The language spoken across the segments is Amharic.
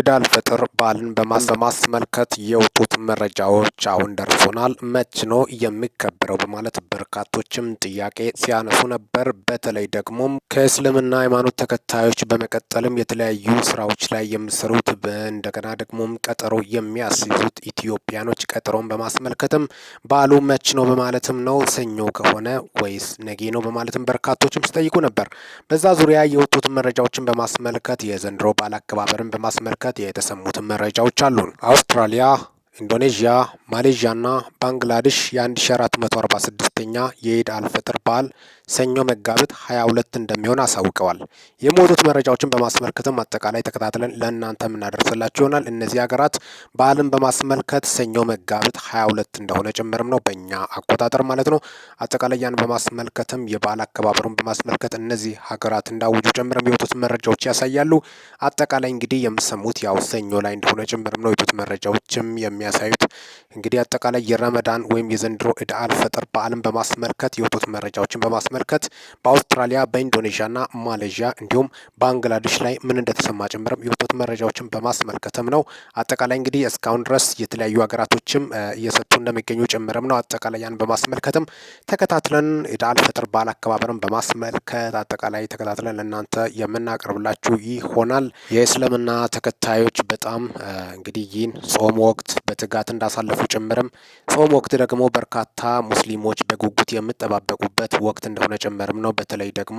ኢድ አልፈጥር በዓልን በማስመልከት የወጡት መረጃዎች አሁን ደርሶናል። መች ነው የሚከበረው በማለት በርካቶችም ጥያቄ ሲያነሱ ነበር። በተለይ ደግሞም ከእስልምና ሃይማኖት ተከታዮች በመቀጠልም የተለያዩ ስራዎች ላይ የሚሰሩት እንደገና ደግሞም ቀጠሮ የሚያስይዙት ኢትዮጵያኖች ቀጠሮን በማስመልከትም በዓሉ መች ነው በማለትም ነው ሰኞ ከሆነ ወይስ ነጌ ነው በማለትም በርካቶችም ሲጠይቁ ነበር። በዛ ዙሪያ የወጡት መረጃዎችን በማስመልከት የዘንድሮ በዓል አከባበርን በማስመልከት በመመልከት የተሰሙትን መረጃዎች አሉን። አውስትራሊያ ኢንዶኔዥያ፣ ማሌዥያ ባንግላዴሽ የ1446ኛ የኢድ አልፈጥር በዓል ሰኞ መጋቢት 22 እንደሚሆን አሳውቀዋል። የሞቱት መረጃዎችን በማስመልከትም አጠቃላይ ተከታትለን ለእናንተ የምናደርስላችሁ ይሆናል። እነዚህ ሀገራት በዓልን በማስመልከት ሰኞ መጋቢት 22 እንደሆነ ጭምርም ነው በእኛ አቆጣጠር ማለት ነው። አጠቃላይ ያን በማስመልከትም የበዓል አከባበሩን በማስመልከት እነዚህ ሀገራት እንዳውጁ ጭምርም የወጡት መረጃዎች ያሳያሉ። አጠቃላይ እንግዲህ የምሰሙት ያው ሰኞ ላይ እንደሆነ ጭምርም ነው የወጡት መረጃዎችም የሚያሳዩት እንግዲህ አጠቃላይ የረመዳን ወይም የዘንድሮ ኢድ አል በዓልን በማስመልከት የወጡት መረጃዎችን በማስመ በማስመልከት በአውስትራሊያ በኢንዶኔዥያና ማሌዥያ እንዲሁም ባንግላዴሽ ላይ ምን እንደተሰማ ጭምርም የወጡት መረጃዎችን በማስመልከትም ነው። አጠቃላይ እንግዲህ እስካሁን ድረስ የተለያዩ ሀገራቶችም እየሰጡ እንደሚገኙ ጭምርም ነው። አጠቃላይ ያን በማስመልከትም ተከታትለን ኢድአል ፈጥር በዓል አከባበርን በማስመልከት አጠቃላይ ተከታትለን ለእናንተ የምናቀርብላችሁ ይሆናል። የእስልምና ተከታዮች በጣም እንግዲህ ይህን ጾም ወቅት በትጋት እንዳሳለፉ ጭምርም ጾም ወቅት ደግሞ በርካታ ሙስሊሞች በጉጉት የምጠባበቁበት ወቅት እንደ እንደሆነ ጭምርም ነው። በተለይ ደግሞ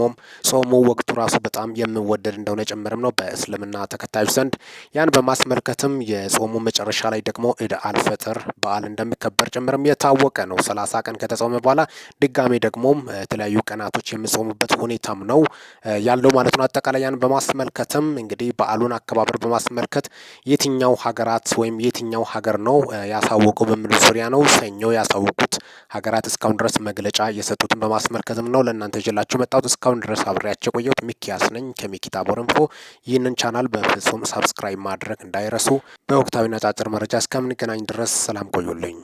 ጾሙ ወቅቱ ራሱ በጣም የምወደድ እንደሆነ ጭምርም ነው በእስልምና ተከታዮች ዘንድ። ያን በማስመልከትም የጾሙ መጨረሻ ላይ ደግሞ ኢድ አልፈጥር በዓል እንደሚከበር ጭምርም የታወቀ ነው። ሰላሳ ቀን ከተጾመ በኋላ ድጋሜ ደግሞም የተለያዩ ቀናቶች የሚጾሙበት ሁኔታም ነው ያለው ማለት ነው። አጠቃላይ ያን በማስመልከትም እንግዲህ በዓሉን አከባበር በማስመልከት የትኛው ሀገራት ወይም የትኛው ሀገር ነው ያሳወቁ በሚሉ ዙሪያ ነው ሰኞ ያሳወቁት ሀገራት እስካሁን ድረስ መግለጫ የሰጡትን በማስመልከትም ነው ነው ለእናንተ ይዤላችሁ መጣሁት። እስካሁን ድረስ አብሬያቸው ቆየሁት ሚኪያስ ነኝ ከሚኪታ ቦረንፎ። ይህንን ቻናል በፍጹም ሳብስክራይብ ማድረግ እንዳይረሱ። በወቅታዊና አጫጭር መረጃ እስከምንገናኝ ድረስ ሰላም ቆዩልኝ።